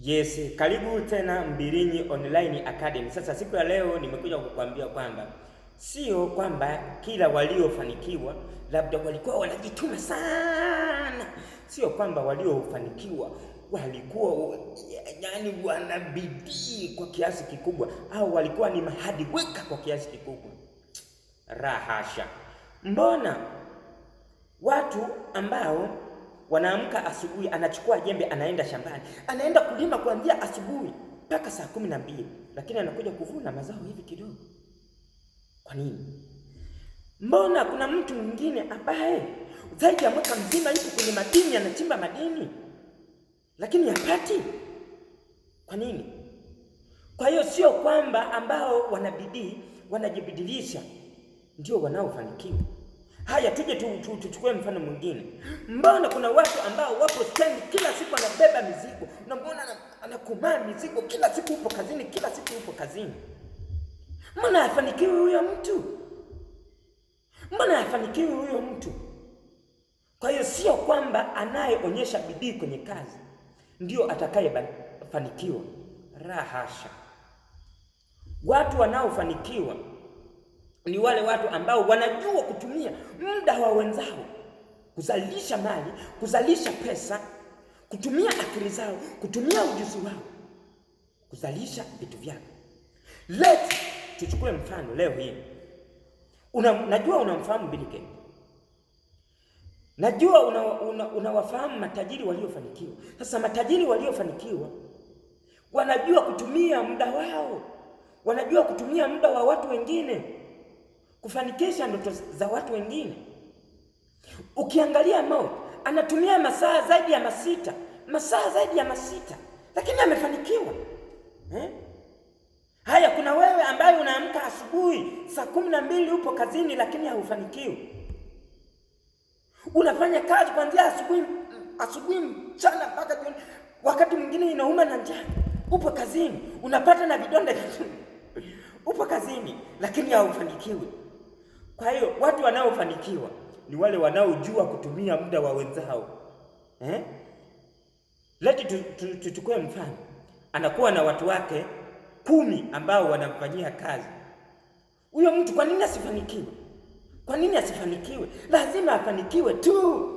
Yes, karibu tena Mbilinyi Online Academy. Sasa siku ya leo nimekuja kukuambia kwamba sio kwamba kila waliofanikiwa labda walikuwa wanajituma sana, sio kwamba waliofanikiwa walikuwa yaani wana bidii kwa kiasi kikubwa au walikuwa ni mahadi weka kwa kiasi kikubwa. Rahasha, mbona watu ambao wanaamka asubuhi, anachukua jembe, anaenda shambani, anaenda kulima kuanzia asubuhi mpaka saa kumi na mbili, lakini anakuja kuvuna mazao hivi kidogo. Kwa nini? Mbona kuna mtu mwingine ambaye zaidi ya mwaka mzima yuko kwenye madini, anachimba madini lakini hapati? Kwa nini? Kwa hiyo sio kwamba ambao wanabidii wanajibidilisha ndio wanaofanikiwa. Haya, tuje tuchukue mfano mwingine. Mbona kuna watu ambao wapo stendi kila siku anabeba mizigo, na mbona mizigo kila siku, upo kazini, kila siku upo kazini, mbona afanikiwe huyo mtu? Mbona afanikiwe huyo mtu? Kwa hiyo sio kwamba anayeonyesha bidii kwenye kazi ndio atakayefanikiwa, rahasha Watu wanaofanikiwa ni wale watu ambao wanajua kutumia muda wa wenzao kuzalisha mali, kuzalisha pesa, kutumia akili zao, kutumia ujuzi wao kuzalisha vitu vyao. Let tuchukue mfano leo hii una, najua unamfahamu Bill Gates, najua unawafahamu una, una matajiri waliofanikiwa. Sasa matajiri waliofanikiwa wanajua kutumia muda wao, wanajua kutumia muda wa watu wengine kufanikisha ndoto za watu wengine. Ukiangalia Mo anatumia masaa zaidi ya masita, masaa zaidi ya masita, lakini amefanikiwa eh? Haya, kuna wewe ambaye unaamka asubuhi saa kumi na mbili upo kazini, lakini haufanikiwi. Unafanya kazi kuanzia asubuhi asubuhi, mchana mpaka jioni, wakati mwingine inauma na njaa, upo kazini, unapata na vidonda upo kazini, lakini haufanikiwi. Kwa hiyo watu wanaofanikiwa ni wale wanaojua kutumia muda wa wenzao eh? Leti tuchukue tu, tu, mfano anakuwa na watu wake kumi ambao wanamfanyia kazi huyo mtu. Kwa nini asifanikiwe? Kwa nini asifanikiwe? Lazima afanikiwe tu,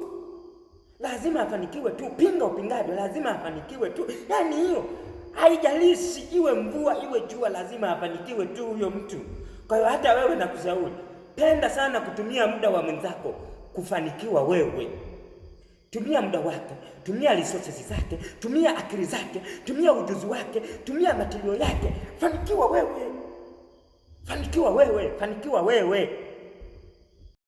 lazima afanikiwe tu, pinga upingavyo, lazima afanikiwe tu. Yaani hiyo haijalishi, iwe mvua iwe jua, lazima afanikiwe tu huyo mtu. Kwa hiyo hata wewe nakushauri Penda sana kutumia muda wa mwenzako kufanikiwa wewe. Tumia muda wake, tumia resources zake, tumia akili zake, tumia ujuzi wake, tumia material yake. Fanikiwa wewe, fanikiwa wewe, fanikiwa wewe.